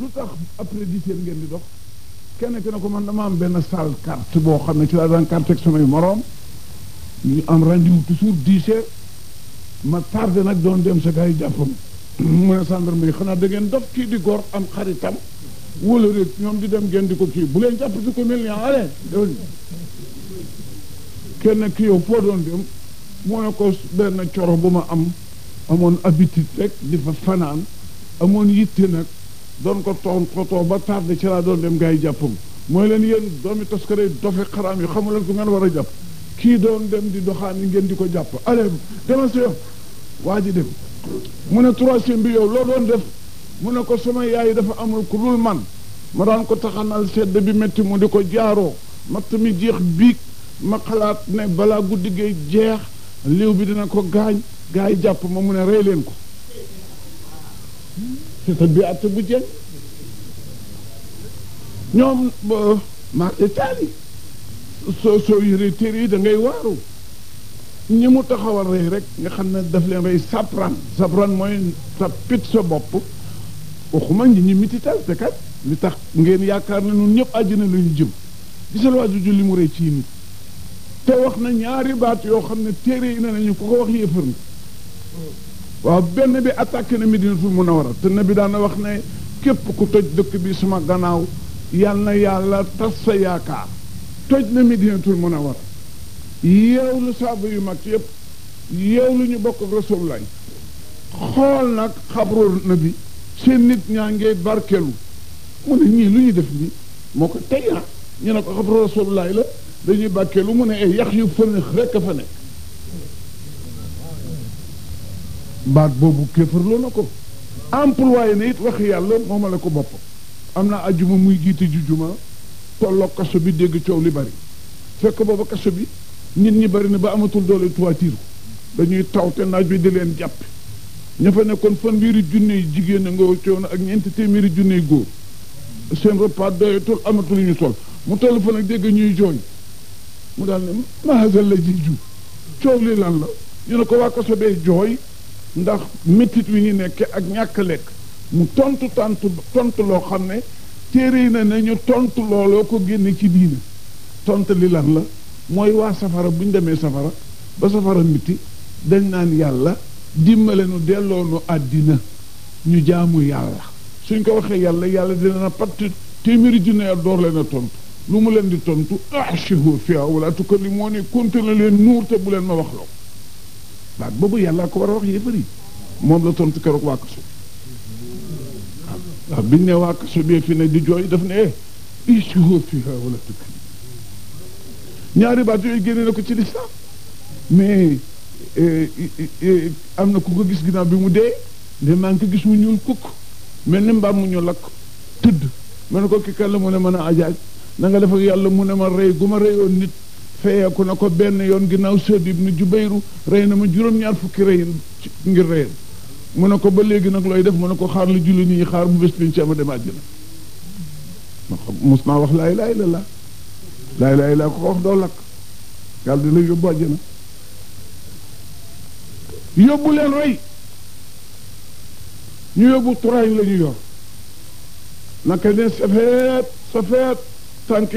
lu tax après dix ngeen di dox kenn ki ne ko man dama am benn salle carte boo xam ne ci laa daan carte ak samay moroom ñu am rendez-vous toujours ma tardé nag doon dem sa gars jàppam mu ne gendarme yi xanaa da ngeen kii di gor am xaritam wala ñoom di dem gen di ko kii bu leen jàpp si ko mel ni allez kenn ki yow foo doon dem moo ne ko benn coro bu ma am amoon habitude rek di fa fanaan amoon yitte nag doon ko toon ko too ba tardé ci laa doon dem gaa yi jàppam mooy leen yéen doomi toskare dofe xaraam yi xamu leen ko ngeen war a jàpp kii doon dem di doxaani ngeen di ko jàpp allez demal sa yoon waa ji dem mu ne troisième bi yow loo doon def mu ne ko sama yaay yi dafa amul ku dul man ma daan ko taxanal sedd bi métti mu di ko jaaroo matt mi jeex biig ma xalaat ne balaa guddi gay jeex liw bi dina ko gaañ gaa yi jàpp ma mu ne rey leen ko te tëj bi àtte bu jeng ñoom mar itaali soo soo yéree téere yi dangay ngay waaru ñi mu taxawal rey rek nga xam ne daf leen rey sapran sapran mooy sa pit sa bopp waxuma ñi ñi mitital te kat li tax ngeen yaakaar na ñun ñëpp àjjana la ñu jëm gisal waa juju li mu rey ci nit te wax na ñaari baat yoo xam ne téere yi ne nañu ku ko wax yéefar nga waaw benn bi attaqué na Medinatul Munawwara te nabi bi daana wax ne képp ko toj dëkk bi sama gannaaw yal na yàlla tas sa yaakaar toj na Medinatul Munawwara yeew lu saaba yu mag yëpp yeew lu ñu bokk ak Rasulullah xool nag xabru nabi seen nit ñaa ngee barkeelu mu ne ñii lu ñu def nii moo ko tey ah. ñu ne ko xabru Rasulullah la dañuy lu mu ne ay eh, yax yu fënax rekk fa nekk baat boobu kéefarloo na ko employé na it wax yàlla mooma la ko bopp am naa ajuma muy giite ju juma tolloo kaso bi dégg coow li bari fekk booba kaso bi nit ñi bari na ba amatul doole tuwaatiir ko dañuy taw te naaj bi di leen jàpp ña fa nekkoon fanweeri junne jigéen a nga na ak ñeenti téeméeri junne góor seen repas doyatul amatul ñu sol mu toll fa nag dégg ñuy jooy mu daal ne mahasal la ji ju coow li lan la ñu ne ko waa kaso bee jooy ndax métit wi ñu nekke ak ñàkk lekk mu tont tontu tontu loo xam ne téere yi na ne ñu tontu looloo ko génne ci diina tont li lan la mooy wax safara bu ñu demee safara ba safara miti dañ naan yàlla dimbale nu delloo nu àddina ñu jaamu yàlla suñ ko waxee yàlla yàlla dina na patt téeméeri junne ya door leen a tontu lu mu leen di tontu ahshihu fiha wala tukallimuni konte na leen nuur te bu leen ma wax loo baat boobu yàlla ko war a wax yéefar yi moom la tontu keroog waa kaso waaw biñ ne waa kaso bee fi ne di jooy daf ne eh ishuhu fiha wala tukki ñaari baat yooyu génne na ko ci lislaam mais eh, eh, eh, am na ku ko gis ginaaw bi mu dee ne maa ngi ko gis mu ñuul kukk mel ni mbaam mu ñu lakk tëdd ma ne ko ki kan la mu ne mën a ajaaj na nga def yàlla mu ne ma rey gu reyoon nit feyeeku na ko benn yoon ginnaaw Saad ibnu Jubayru rey na ma juróom-ñaar fukki rey ngir reyen mu ne ko ba léegi nag looy def mu ne ko xaar la julli nii xaar bu bés biñ ci ama dem àjjana mos naa wax laa ilaaha illallaah laa ilaaha illallaah la yóbbu àjjana yóbbu leen rey ñu ñu yor naka ne safeet safeet tànk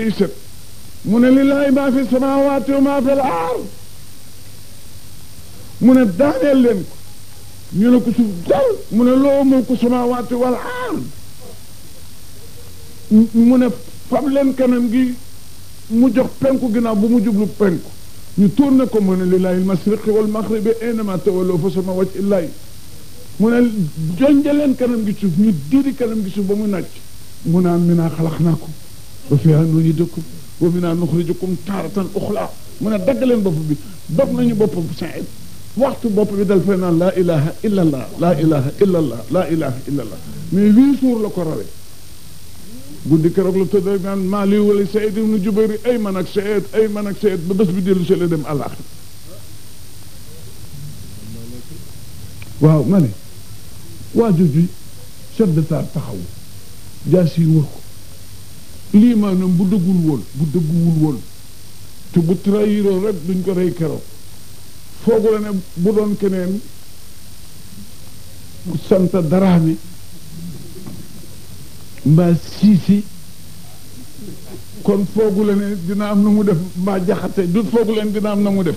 mu ne lillahi maa fi samaawaati wa maa fi al mu ne daaneel leen ko ñu ne ko suuf mu ne loo mulku samaawaati wal ard mu ne fab leen kanam gi mu jox penku ginnaaw bu mu jublu penku ñu ne ko mu ne lillahi al masriqi wal maghribi aynama tawallu fa sama waj illahi mu ne jonja leen kanam gi suuf ñu diri kanam gi suuf ba mu nàcc mu naan minaa xalaqnaakum wa fiihaa nu'iidukum wa minaa nuxrijukum taaratan uxraa mu ne nañu bopp bu Saïd waxtu bopp bi dal fay naan laa ilaha illa allah laa ilaha illa allah laa ilaha mais huit jours la ko rawee guddi keroog la tëdd naan maa lii wala Saïd ibnu Jubayr ay man ak ay man ak Saïd bi dellu si la dem àllaax waaw ma ne waa jooju chef d'état taxaw jaas yi wër lii maanaam bu dëggul woon bu dëgguwul woon te bu trahiroon rek duñ ko rey keroo foogul la bu doon keneen sant daraami mbaa siisi kon foogul la ne dina am na mu def mbaa jaxate du foogu leen dina am na mu def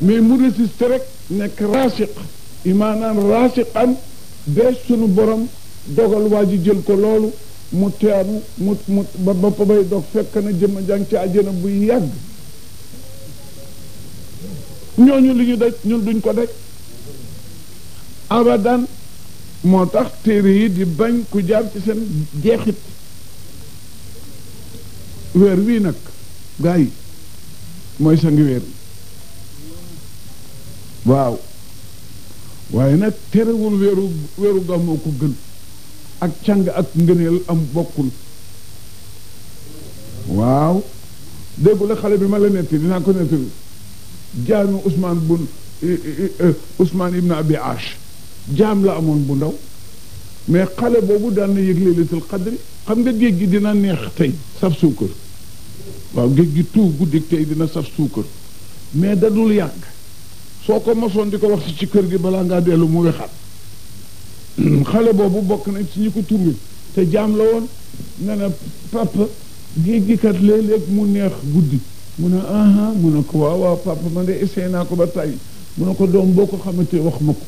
mais mu résisté rek nekk raasiq imaanaan raasiq am bees sunu borom dogal waa ji jël ko loolu mu teeru mu mu ba bopp bay doog fekk na jëmm jàng ci àjjana bu yàgg ñooñu li ñu daj ñun duñ ko daj abadan moo tax téere yi di bañ ku jaar ci seen jeexit weer wii nag gaa yi mooy sangi weer waaw waaye nag terewul weeru weeru gàmmoo ko gën ak cang ak ngëneel am bokkul waaw déggu la xale bi ma la netti dinaa ko nettali jaami Ousmane bun eh, Ousmane ibn Abi Ash jaam la amoon bu ndaw mais xale boobu daan na yëg laylatul qadri xam nga géej gi dina neex tey saf suukar waaw géej gi tuu guddi tey dina saf suukar mais dadul yàgg soo ko mosoon di ko wax si ci kër gi balaa ngaa dellu mu wexaat xale boobu bokk nañ si ñi ko turwe te jaam la woon ne na papa gi kat léeg-léeg mu neex guddi mu ne aha mu ne ko waaw waaw papa man de essayé naa ko ba tàyyi mu ne ko doom boo ko xamante wax ma ko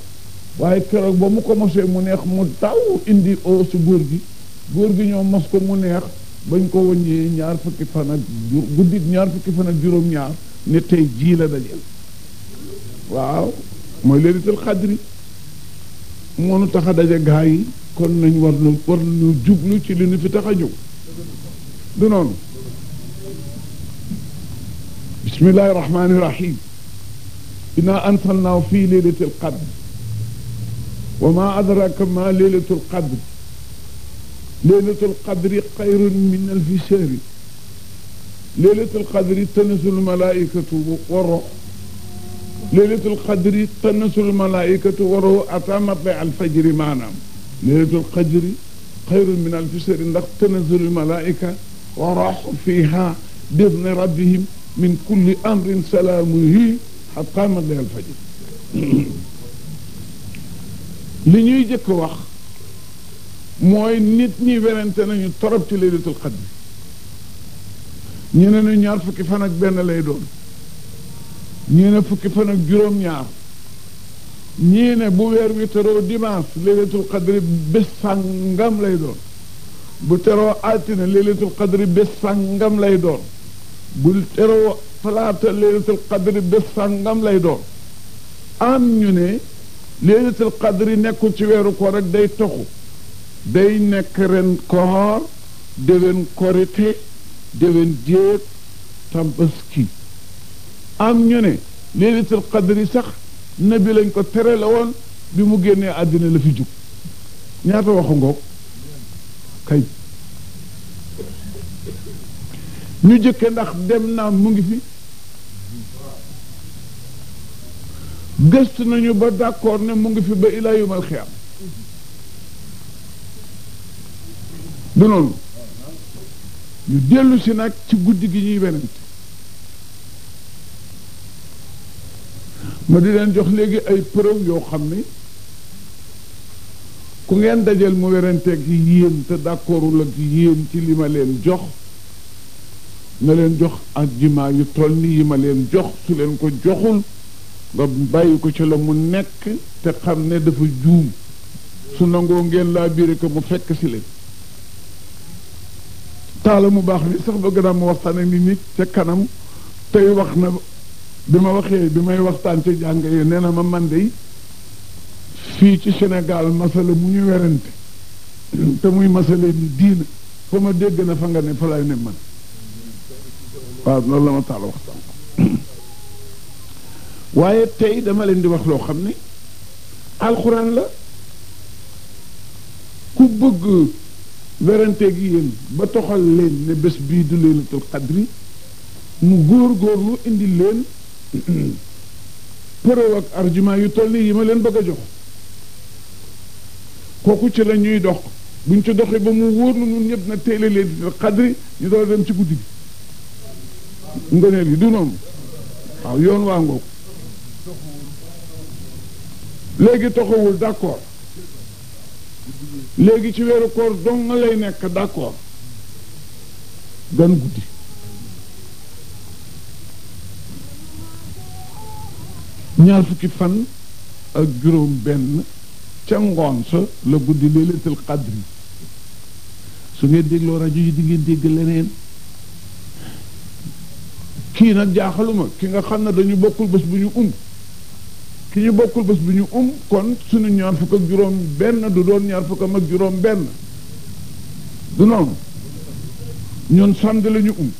waaye keroog ba mu commencé mu neex mu taw indi o si góor gi góor gi ñoo mos ko mu neex bañ ko wàññee ñaar fukki fan ak guddi ñaar fukki fan ak juróom-ñaar ne tey jii la dajeel waaw mooy leelital xadri moonu tax a daje gaa yi kon nañ war nu war ci li nu fi tax a jóg du noonu bismillahi rahmani rahim inna ansalnaahu fi leilati l qadr wa ma adraka ma leilatu l qadr leilatu l qadri xayrun min leylatul xadri tanasul malaayikatu waroo ata matla al fajri maanaam leylatul xadri xayrun min alfi sari ndax tanasul malaayika wa raaxu fiiha biidni rabbihim min kulli amrin salaamuhi xataa matla al fajri li ñuy jëkk wax mooy nit ñi werante nañu torop ci leylatul xadri ñu ne ñu ñaar fukki fan ak benn lay doon ñii ne fukki fan ak juróom-ñaar ñii bu weer wi teroo dimanche leylatul qadri bés sàngam lay doon bu teroo altine leylatul qadri bés sàngam lay doon bu teroo talaata leylatul qadri bés sàngam lay doon am ñu ne leylatul qadri nekkul ci weeru koor rek day toxu day nekk ren koor déwén korite déwén jéeg tabaski am ñu ne laylatul qadri sax nabi lañ ko tere woon bi mu génnee àddina la fi jug ñaata waxu ngoog ñu jëkke ndax dem naam mu ngi fi gëstu nañu ba d'accord ne mu ngi fi ba ilaa yumal xiyam du noonu ñu dellusi nag ci guddi gi ñuy wenante ma di leen jox léegi ay preuve yoo xam ni ku ngeen dajal mu weranteeg yéen te d'accordul ak yéen ci li ma leen jox na leen jox argument yu toll ni yi ma leen jox su leen ko joxul nga bàyyi ko ci la mu nekk te xam ne dafa juum su nangoo ngeen laa biire ko mu fekk si leen taala mu baax bi sax bëgg naa mu waxtaan ak nit ñi ca kanam tey wax na bi ma waxee bi may waxtaan ci jàng yi nee na ma man de fii ci Sénégal masala mu ñu werante te muy masala ni diina fa ma dégg na fa nga ne fa lay ne man waaw loolu la ma waxtaan waaye tey dama leen di wax loo xam ne alxuraan la ku bëgg werante gi yéen ba toxal leen ne bés bii du laylatul qadri mu góor góorlu indi leen preuve ak argument yu toll nii yi ma leen bëgg a jox kooku ci la ñuy dox buñ ci doxee ba mu wóor na ñun ñëpp na teele leen xadri ñu doon dem ci guddi gi yi du noonu waaw yoon waa ngoog léegi toxawul d'accord léegi ci weeru koor dong lay nekk d'accord gan guddi ñaar fukki fan ak juróom benn ca ngoon sa la guddi leylatul qadri su ngeen dégloo rajo yi di ngeen dégg leneen kii nag jaaxaluma ki nga xam ne dañu bokkul bés bu ñu um ki ñu bokkul bés bu ñu um kon sunu ñaar fukk ak juróom benn du doon ñaar fukk ak juróom benn du noonu ñun samedi la um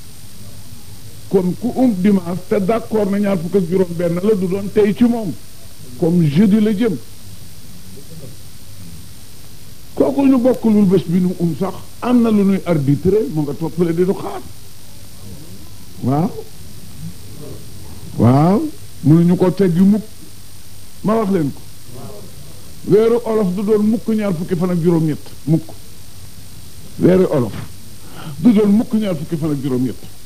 kon ku um dimanche te d'accord na ñaar fukk ak juróom benn la du doon tey ci moom comme jeudi la jëm kooku ñu bokkulul bés bi nu um sax am na lu ñuy arbitré mu nga toppale di du xaar waaw waaw mënuñu ko teggi mukk ma wax leen ko weeru olof du doon mukk ñaar fukki fan ak juróom ñett mukk weeru olof du doon mukk ñaar fukki fan ak juróom ñett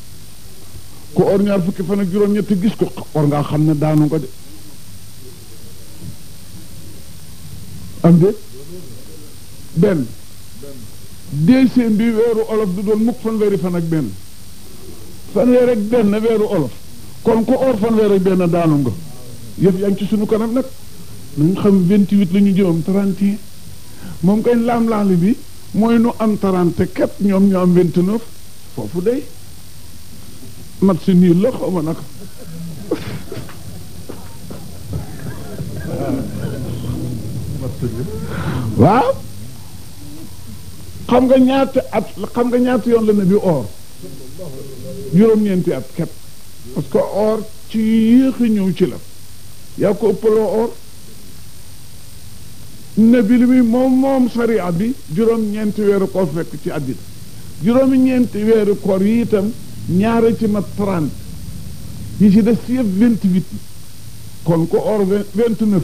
ku or ñaar fukki fan ak juróom-ñett gis ko war ngaa xam ne daanu nga de am de benn décembre bi weeru olof du doon mukk fanweeri fan ak benn fanweer ak benn weeru olof kon ku or fanweer ak benn daanu nga yëf yaa ci sunu kanam nag nañ xam 28 la ñu jëmam 31 moom kay laam-laali bi mooy nu am 30 képp ñoom ñu am 29 foofu day mat si nii la xaw ma nag waaw xam nga ñaata at xam nga ñaata yoon la ne bi juróom-ñeenti at kepp parce que or ci yéex a ñëw ci la yaa ko ëppaloo or nabi li muy moom moom sariya bi juróom-ñeenti weeru koor fekk ci àddina juróom-ñeenti weeru koor yi itam ñaara ci mat trente yi ci des yëpp vingt kon ko or vingt la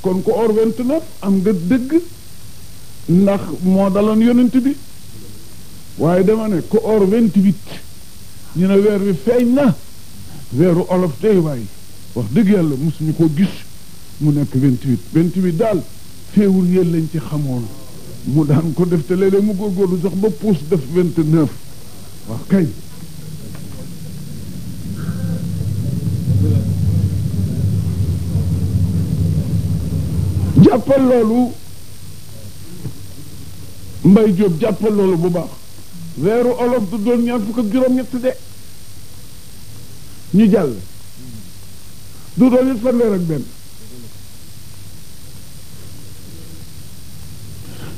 kon ko or vingt-neuf am nga dëgg ndax moo daloon yonent bi waaye dama ne ko or vingt ñi ñu ne weer wi feeñ na weeru olof day waaye wax dëgg yàlla mosuñu ko gis mu nekk vingt-huit vingt-huit daal féewul lañ ci xamoon mu daan ko def te léeg-léeg mu góorgóorlu sax ba puus def vingt-neuf wax kay jàppal loolu mbay jóob jàppal loolu bu baax weeru olof du doon ñaar fukk ak juróom-ñett de ñu jàll du doon it fanweer ak benn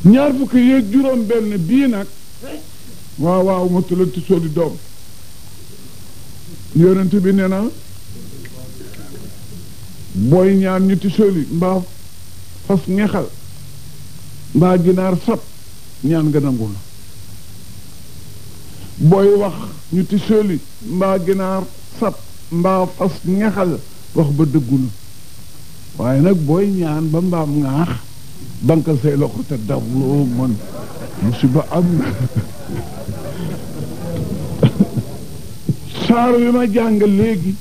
ñaar fukk yeeg juróom benn bii nag waaw waaw ma tulanti doom yonent bi nee na booy ñaar ñu ti soli fas ñaxal mbaa ginaar sab ñaan nga nangu la booy wax ñu ti soli mbaa ginaar sab mbaa fas ñaxal wax ba dëggu la waaye nag booy ñaan ba mbaam ŋaax bankal say loxo te daw loo mën musiba am na saar wi ma jàng léegi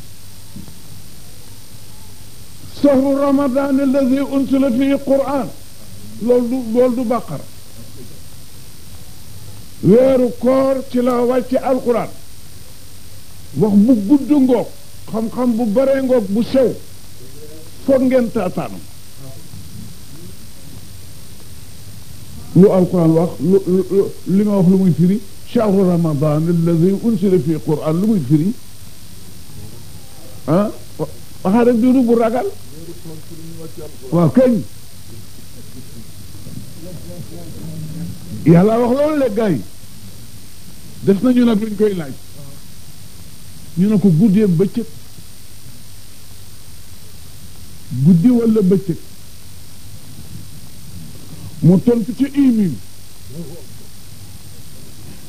sahru ramadan alladi unsila fii quran loolu du loolu du bàqar weeru koor ci la wàcce alquran wax bu gudd ngoog xam-xam bu bare ngoog bu sew foog ngeen taataanam lu alquran wax lu li ma wax lu muy firi shahru ramadan alladi unsila fii quran lu muy firi ah waxaa rek didu bu ragal waaw kañ yàlla wax loolu le gars yi def nañu nag luñ koy laaj ñu ne ko guddee bëccëg guddi wala bëccëg mu tontu ci imin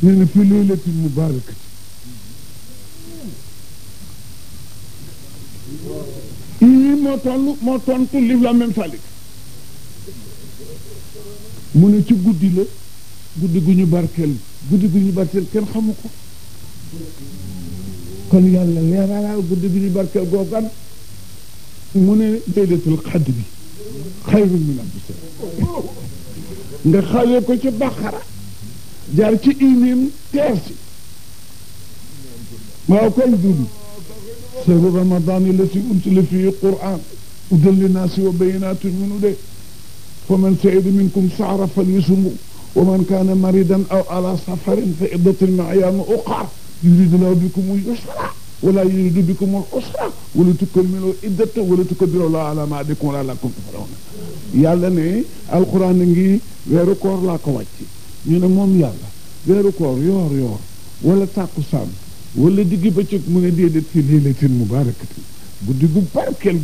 nee na fi laylatin mubarakati moo toll moo tontu liif la même mu ne ci guddi la guddi gu ñu barkeel guddi gu ñu barkeel kenn xamu ko kon yàlla leeralal guddi gu ñu barkeel googan mu ne laylatul xadri xayrun min alfi shahr nga xawee ko ci baqara jaar ci inim teer si waaw koy dund شهر رمضان التي أنزل فيه القرآن هدى للناس وبينات من هدى فمن سعد منكم سعر فليسم ومن كان مريضا أو على سفر فعدة من أيام أخرى يريد الله بكم اليسر ولا يريد بكم العسر ولا تكملوا عدة ولا تكبروا الله على ما عدكم ولا لكم تفرعون yàlla ne alxuraan ngi weeru koor laa ko wàcc ñu ne moom yàlla weeru koor yoor yoor wala tàkkusaan wala digg bëccëg mu ne déedéet fi laylatin mubarakatin gu barkeel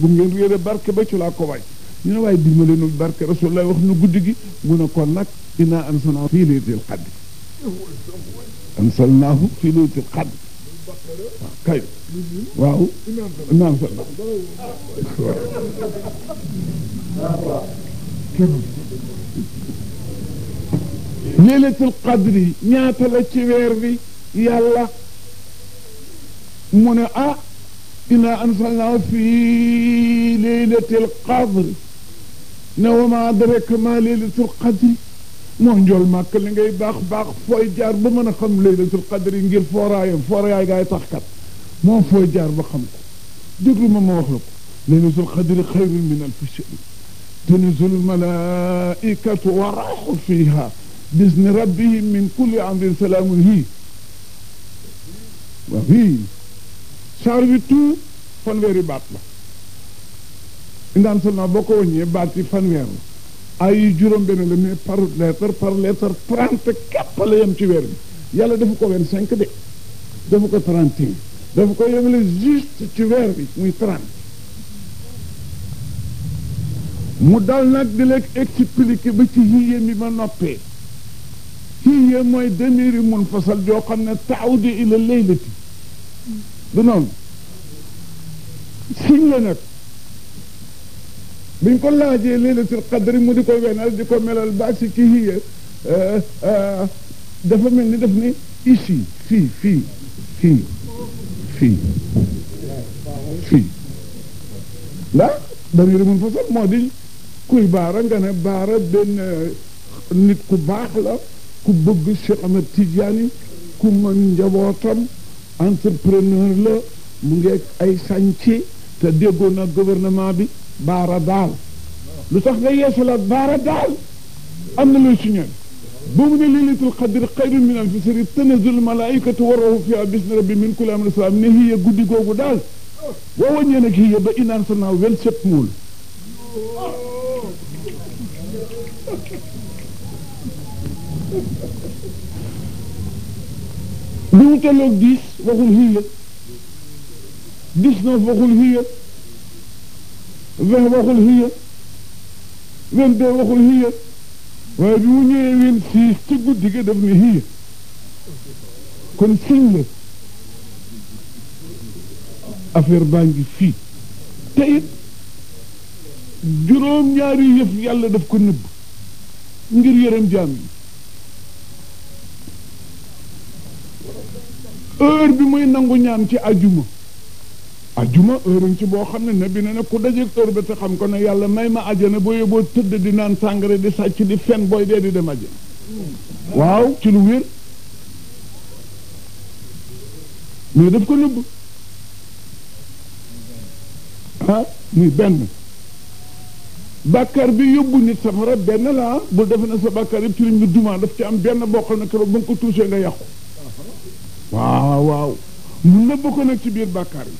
barke ba ci laa ko wàcc ñu ne waaye dimbaleenul barke rasulullah wax na guddi gi mu ne kon nag inaa ansalnaahu fii laylatil qadr ansalnaahu fii laylatil qadri ñaata la ci weer bi yàlla mu ne ah inna ansalnaa fi leylatil qadr ne wa ma adraka ma leylatul qadri moo njool màkk li ngay baax baax fooy jaar ba mën a xam leylatul qadri ngir fooraayam fooraay gaay tax kat moom fooy jaar ba xam ko déglu ma ma wax la ko leylatul qadri xayrun min alfi shahr tanzilul malaa'ikatu wa ruuhu fiihaa bi'izni rabbihim min kulli amrin salaamun hiya waaw saar wi tout fanweeri baat la indaan seulement boo ko wàññee baat yi fanweer la ay yu juróom benn la mais par lettre par lettre trente képp la yem ci weer bi yàlla dafa ko vingt cinq de dafa ko trente et un dafa ko yemale juste ci weer bi muy trente mu dal nag di la expliquer ba ci hiyem bi ma noppee hiyem mooy demiri mun fasal joo xam ne taawdi ila leylati du noonu siñ la nag biñ ko laajee laylatul qadri mu di ko wenal di ko melal ba si kii eh, eh, mel ni daf ni ici fii fii fii fii fii ndax dañu remun moo di kuy baara nga ne baara benn eh, nit ku baax la ku bëgg Cheikh Ahmed Tidiane ku mën njabootam entrepreneur la mu ngi ay sànci te déggoo na gouvernement bi baara daal lu tax nga yeesalaat baara daal am na luy si ñoom ba mu ne lilatul xadr xayrun min alfi sari tanazul malaikatu wa ruhu fiha bismi rabbi min kulli amri salaam ne hiya guddi googu daal boo wàññee nag ba inaan sa naaw vingt-sept muul bi mu 19 waxul hiya 20 waxul hiya 22 waxul waaye bi mu ñëwee 26 ci guddi ga def ni hiya kon siñ la affaire baa ngi fii te it juróom ñaari yëf yàlla daf ko nëbb ngir yërëm jaam yi heure bi muy nangu ñaam ci ajuma a ajuma heure ci boo xam ne nabi ne ne ku dajeeg heure ba te xam ko ne yàlla may ma ajana boo yóbboo tëdd di naan sàngara di sàcc di fen booy dee di dem ajana waaw ci lu wér mais daf ko nëbb ah muy benn bàkkaar bi yóbbu nit safara benn laa bu defe na sa bàkkaar yi ci liñ ñu dumaa daf ci am benn boo xam ne ba nga ko touché nga yàqu waaw waaw mu nëbb ko nag ci biir bàkkaar yi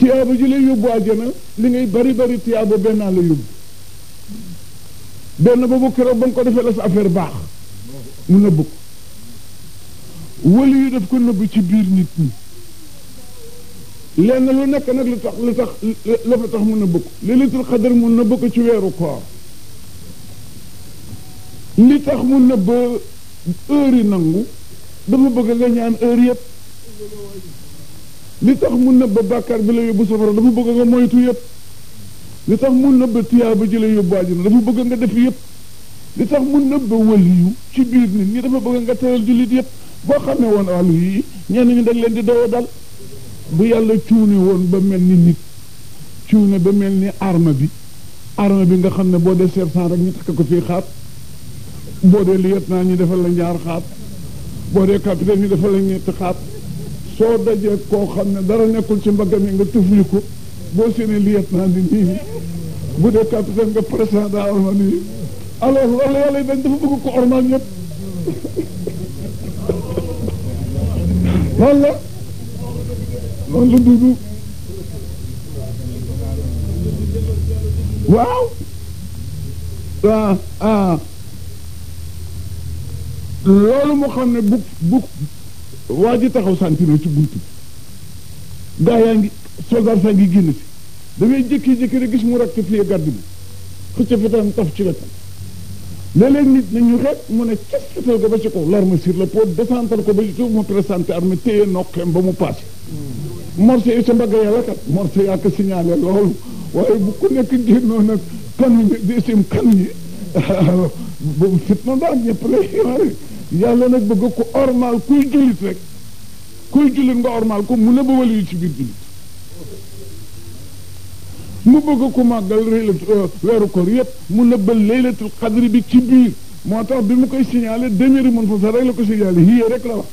tiyaaba ji lay yóbbu àjjana li ngay bari bari tiyaaba benn la yóbbu benn boobu keroog ba nga ko defee la sa affaire baax mu nëbb ko wëli yu daf ko nëbb ci biir nit ñi lenn lu nekk nag lu tax lu tax la fa tax mu nëbb ko lilitul xadar mu nëbb ko ci weeru koor li tax mu nëbb heure yi nangu dafa bëgg nga ñaan heure yépp li tax mu nëbb bàkkaar bi la yóbbu safara dafa bëgg nga moytu yëpp li tax mu nëbb tiyaa ba ji la yóbbu àjjana dafa bëgg nga def yëpp li tax mu nëbb waliyu ci biir nit ñi dafa bëgg nga teral jullit yëpp boo xamee woon wàllu yi ñenn ñu dañ leen di doyoo dal bu yàlla cuune woon ba mel ni nit cuune ba mel ni arme bi arme bi nga xam ne boo dee sergent rek ñu takk ko fii xaat boo dee lieutenant ñu defal la ñaar xaat boo dee capitaine ñu defal la ñetti soo dajee koo xam ne dara nekkul ci mbaggam yi nga ko boo seeni liyet naa ni nii bu dee capitaine nga président daa ormal nii alors loolu yàlla waaw ah loolu moo xam ne waa ji taxaw santiro ci bunt bi gaa yaa ngi soldat saa ngi génn si dangay jékki-jékki rek gis mu rectifier gàddu bi xëcc fetam taf ci wetam léeg-léeg nit nañu rek mu ne cas fetal ko ba ci kaw l'arme sur le pot descental ko ba ci suuf mu présenté arme téye ba mu paase hmm. morceau yi sa mbagg yàlla kat morceau yaa ko signalé loolu waaye bu ku nekk génnoo nag kanuñu deuxième kanuñu boobu fit na daal ñëpp lay yàlla nag bëgg ko ormal kuy jullit rek kuy jullit nga ormal ko mu ne ba waliyu ci biir jullit mu bëgg ko màggal euh, weeru koor yëpp mu nëbbal laylatul xadri bi ci biir moo tax bi mu koy signalé demiri mun fa sax rek la ko signalé yii rek la wax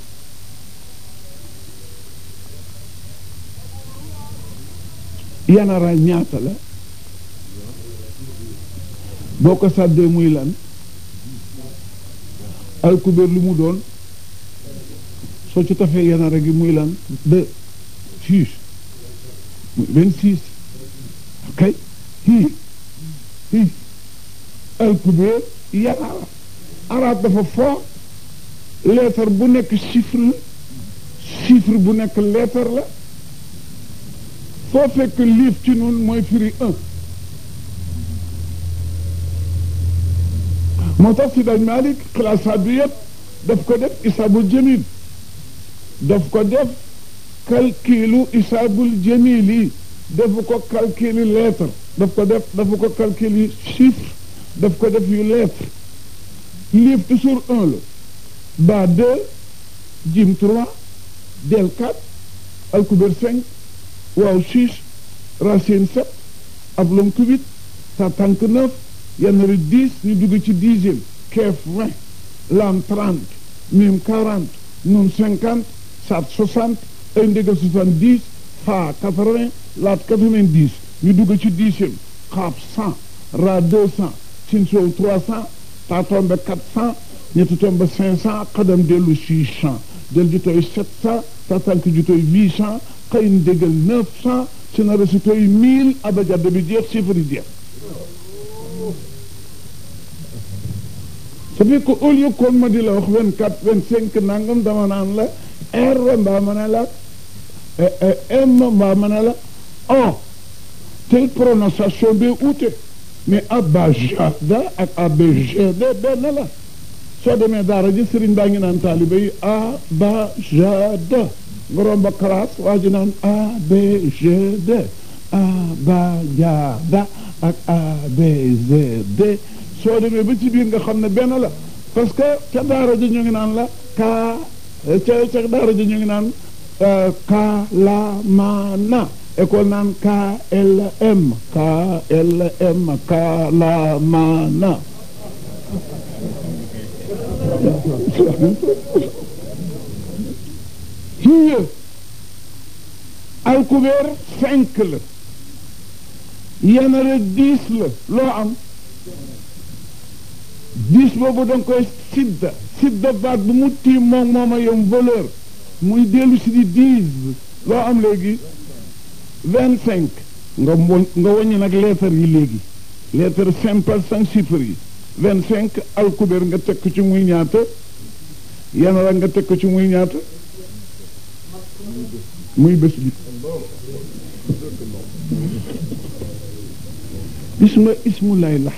yanara ñaata la boo ko sàddee lan alkubeer lu mu doon soo ci tafee yanar gi muy lan de six vingt-six kay hii hii alkubeer yanar arab dafa foo leetar bu nekk chiffre la bu nekk leetar la foo fekk liif ci noonu mooy firi un moo tax ci dañ Malick classe bi def daf ko def isaabul jamil daf ko def calculu isaabul jamil ko calculu lettre daf ko def dafa ko calculu chiffre daf ko def yu lettre livre toujours un la ba deux jim trois del quatre alkuber cinq waaw six racine sept ablon cubit tatank neuf yenn ri dix ñu dugg ci dixième keef vingt laam trente miim quarante nun cinquante saat soixante ay ndégal soixante dix faa quatre vingt laat quatre vingt dix ñu dugg ci dixième xaaf cent ra deux cent sin soow trois cent taa tombe quatre cent ñetti tombe cinq cent xadam dellu six cent del jutooy sept cent sa tànk jutooy huit cent xëy ndégal neuf cent si na resi tooy mille abajade bi jeex chiffre ça fait que ma di la wax vingt quatre vingt cinq nangam dama naan la R mbaa ma ne la eh, eh, M mbaa ma ne la O tel prononciation bi uute mais abajada ak abgd benn la soo demee daara ji sëriñ baa ngi naan taaliba yi abajad nga romba classe waa ji naan abgd abajada ak abzd soo demee ba ci biir nga xam ne benn la parce que ca daara ji ñu ngi naan la ka ca ca daara ji ñu ngi naan euh, kalamana école naan KLM KLM kalamana hiya alkubeer cinq la yenere dix la loo am bis boobu da nga koy sidda sidda baat bu mu tiim moom moom a yom valeur muy dellu si di loo am léegi vingt cinq nga nga wàññi nag lettre yi léegi lettre simple sans chiffre yi vingt cinq alkubeer nga teg ci muy ñaata yan la nga teg ko ci muy ñaata muy bés bi bis ismu lay lax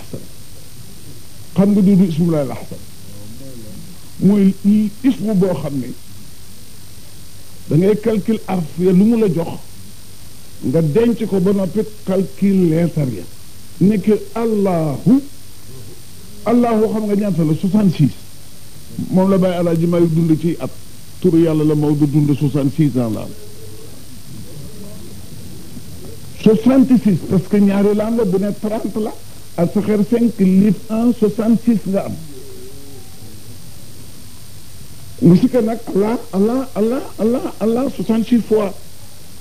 xam nga doodu ismu laay laxsan mooy ismu boo xam ne da ngay calcul arf ya lu mu la jox nga denc ko ba noppi calcul leetar ya nekk allahu allahu xam nga ñaata la 66 moom la bàyyi alaaji may dund ci at turu yàlla la Maodo dund 66 ans la am 66 parce que ñaari la bu ne 30 la ak saxeer cinq litre un soixante six nga am nga sikkar nag allah allah allah allah allah soixante six fois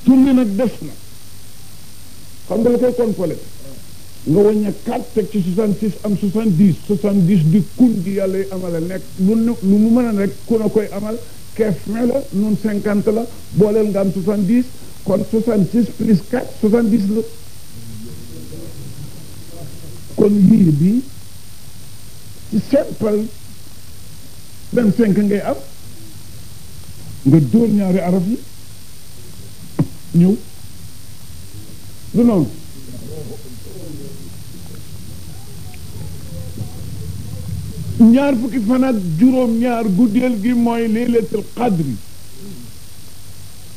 tourné nag def na xam nga la koy contrôlé nga wàññi quatre teg ci soixante six am soixante dix soixante dix di kun gi yàlla yi amala nekk lu mu mën a rek ku na koy amal keef me la nun cinquante la booleel nga am soixante dix kon soixante six plus quatre soixante dix la kon liir bi ci simple vingt cinq ngay am nga dóor ñaari araf yi ñëw lu noonu ñaar fukki fan ak juróom ñaar guddeel gi mooy laylatul qadri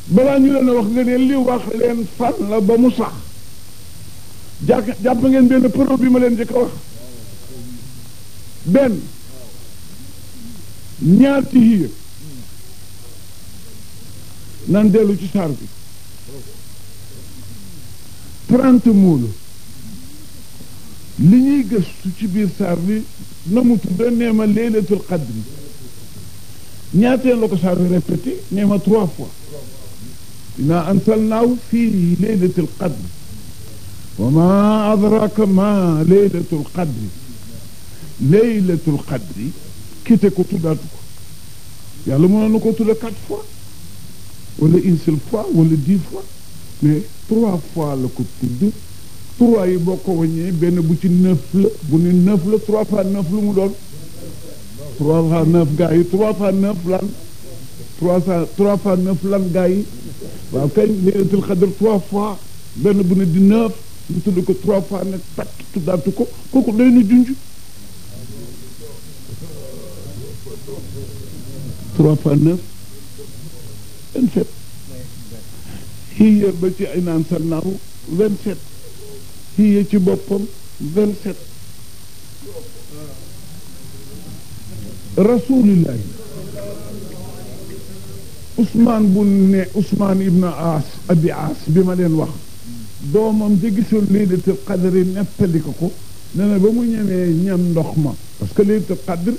balaa ñu leen wax nga ne wax leen fan la ba mu jàpp jàpp ngeen benn pro bi ma leen njëkk a wax benn ñaar ci hiir nan dellu ci saar bi trente muulu li ñuy gëstu ci biir saar bi na mu tudda nee ma leelatul qadri ñaateen la ko saar bi répété nee ma trois fois inaa ansalnaahu fii leelatul qadri wa ma adraka ma laylatul qadri laylatul qadri kite ko tuddaatu ko yàlla mënoon na ko tudda quatre fois wala une seule fois wala dix fois mais trois fois la ko tudd trois yi boo ko wàññee benn bu ci neuf bu ne trois fois neuf lu mu doon trois fois neuf gars trois fois neuf trois fois trois fois neuf lan gars yi trois fois benn bu ne di neuf nga tudd ko trois fois nag pat tuddaatu ko kooku doy na junj ba ci ay naan sannaaw vingt sept ci boppam vingt sept rasulillahi usmaan bu usmaan ibn aas abi aas bi ma leen wax doomam ja gisul laylatul qadri nettali ko ko ne na ba mu ñemee ñam ndox ma parce que laylatul qadr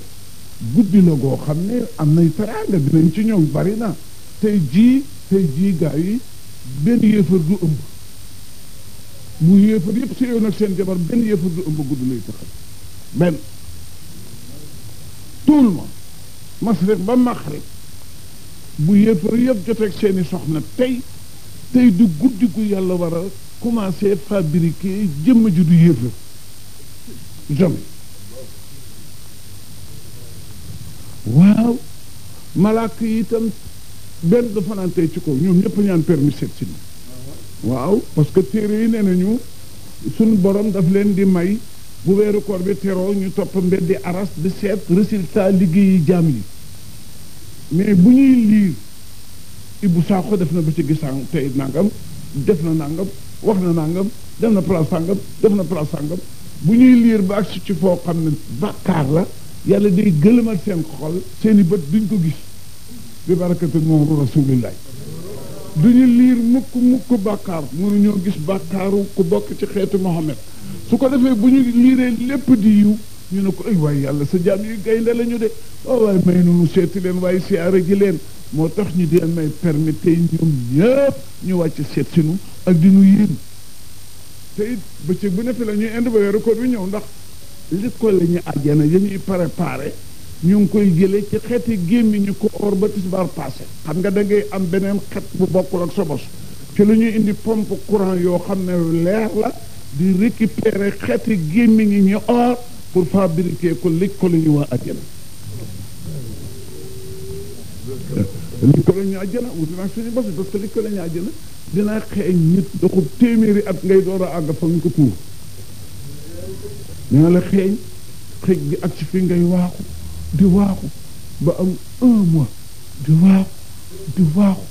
guddi la goo xam ne am nay teraanga dinañ ci ñëw bari na tey jii tey jii gaa yi ben yéefar du ëmb mu yéefar yëpp si yow nag seen jabar benn yéefar du ëmb guddi lay taxal benn tuul ma masriq ba maxrib bu yéefar yëpp joteeg seeni soxna tey tey du guddi gu yàlla war commencé fabriquer jëmm ji du yéefar jamais waaw malaaka yi itam benn dafa ci kaw ñoom ñëpp ñaan permis seet si waaw parce que téere yi nee nañu suñu borom daf leen di may bu weeru koor bi teroo ñu topp mbeddi aras di seet résultat liggéeyi jaam yi mais bu ñuy liir Ibou Sakho def na ba ci gisaan tey nangam def na nangam wax na nangam dem na place sàngam def na place sàngam bu ñuy liir ba ak ci foo xam ne bàkkaar la yàlla day gëlëmal seen xol seen i bët duñ ko gis bi barakatu moom rasulillah duñu liir mukk mukk bàkkaar mënuñoo gis bàkkaaru ku bokk ci xeetu Mohammed su ko defee bu ñu liiree lépp di yiw ñu ne ko ay waaye yàlla sa jaam yi gaynde la ñu de waaw oh, waaye may mu seeti leen waaye siyaare ji leen moo tax ñu di may permettre ñoom ñëpp ñu wàcc seet sinu ak di ñu yéen te it bëccëg bu ne fi la ñuy indi ba weeru bi ñëw ndax li ko la ñu àjjana ya ñuy préparé ñu ngi koy jëlee ci xeeti gémmiñu ñu ko or ba tisbaar passé xam nga da ngay am beneen xet bu bokkul ak sa bos ci lu ñuy indi pompe courant yoo xam ne leer la di récupérer xeeti gémmi ñi ñu or pour fabriquer ko lëj ko la ñu waa àjjana likkale ñu àjjana wuti naa suñu bos parce que likkale ñu àjjana dinaa xeeñ nit doxub téeméeri at ngay door a àgg fa ñu ko tuur dina la xeeñ xëj gi ak ci fi ngay waaxu di waaxu ba am un mois di waaxu di waaxu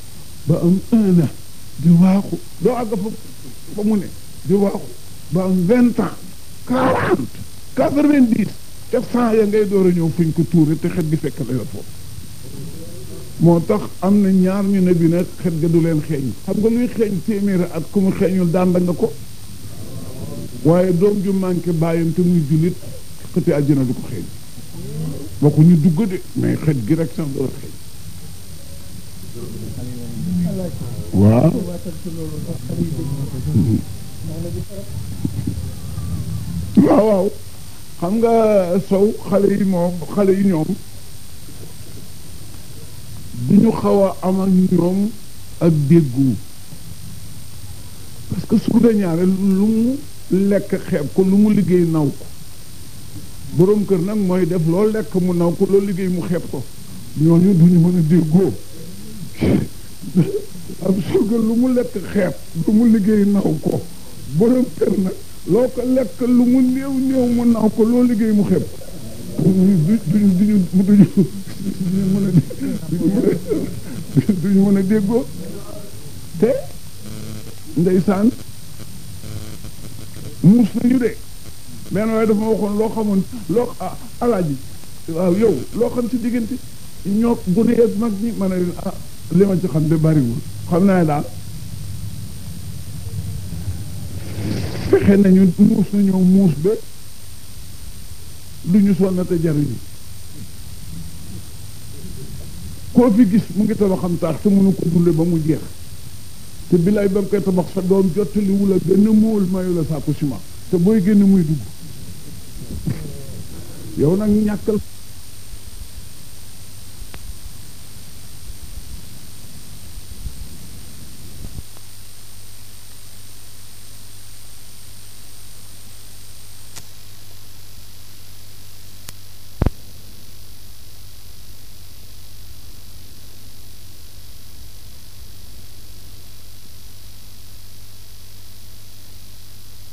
ba am un di waaxu doo àgg fa mu ne di waaxu ba am vingt ans quarante quatre-vingt-dix te cent ya ngay door a ñëw fuñ ko tuure te xet di fekk la yor foofu moo tax am na ñaar ñu ne bi nag xet ga du leen xeeñ xam nga luy xeeñ téeméeri at ku mu xeeñul daan da ko waaye doom ju manqué bàyyam te muy jullit xëti àjjana du ko xeeñ dugg de mais waaw waaw xam nga sow xale yi moom xale yi ñoom di ñu xaw a am ak ñoom ak déggu parce que suuda ñaare lu mu lekk xeeb ko lu mu liggéey naw ko boroom kër nag mooy def loo lekk mu naw ko loo liggéey mu xeeb ko ñooñu duñu mën a déggoo am surga lu mu lekk xeeb lu mu liggéey naw ko boroom kër nag loo ko lekk lu mu néew néew mu naw ko loo liggéey mu xeeb duñu duñu duñu duñu mën a duñu mën a déggoo te ndeysaan muus nañu de mais waaye dafa ma waxoon loo xamoon loo ah, alaaji waaw yow loo xam ci diggante ñoo gune ak mag ñi ma ne ah, li ma ci xam de bariwul xam naa daal fexe nañu muus nañoo muus ba duñu sonnate jariñu koo fi gis mu ngi tabax am taax te mënu ko dundee ba mu jeex te bilaay ba mu koy tabax sa doom jottaliwu la gën a móol mayu la saako ciment te booy génn muy dugg yow nag ñàkkal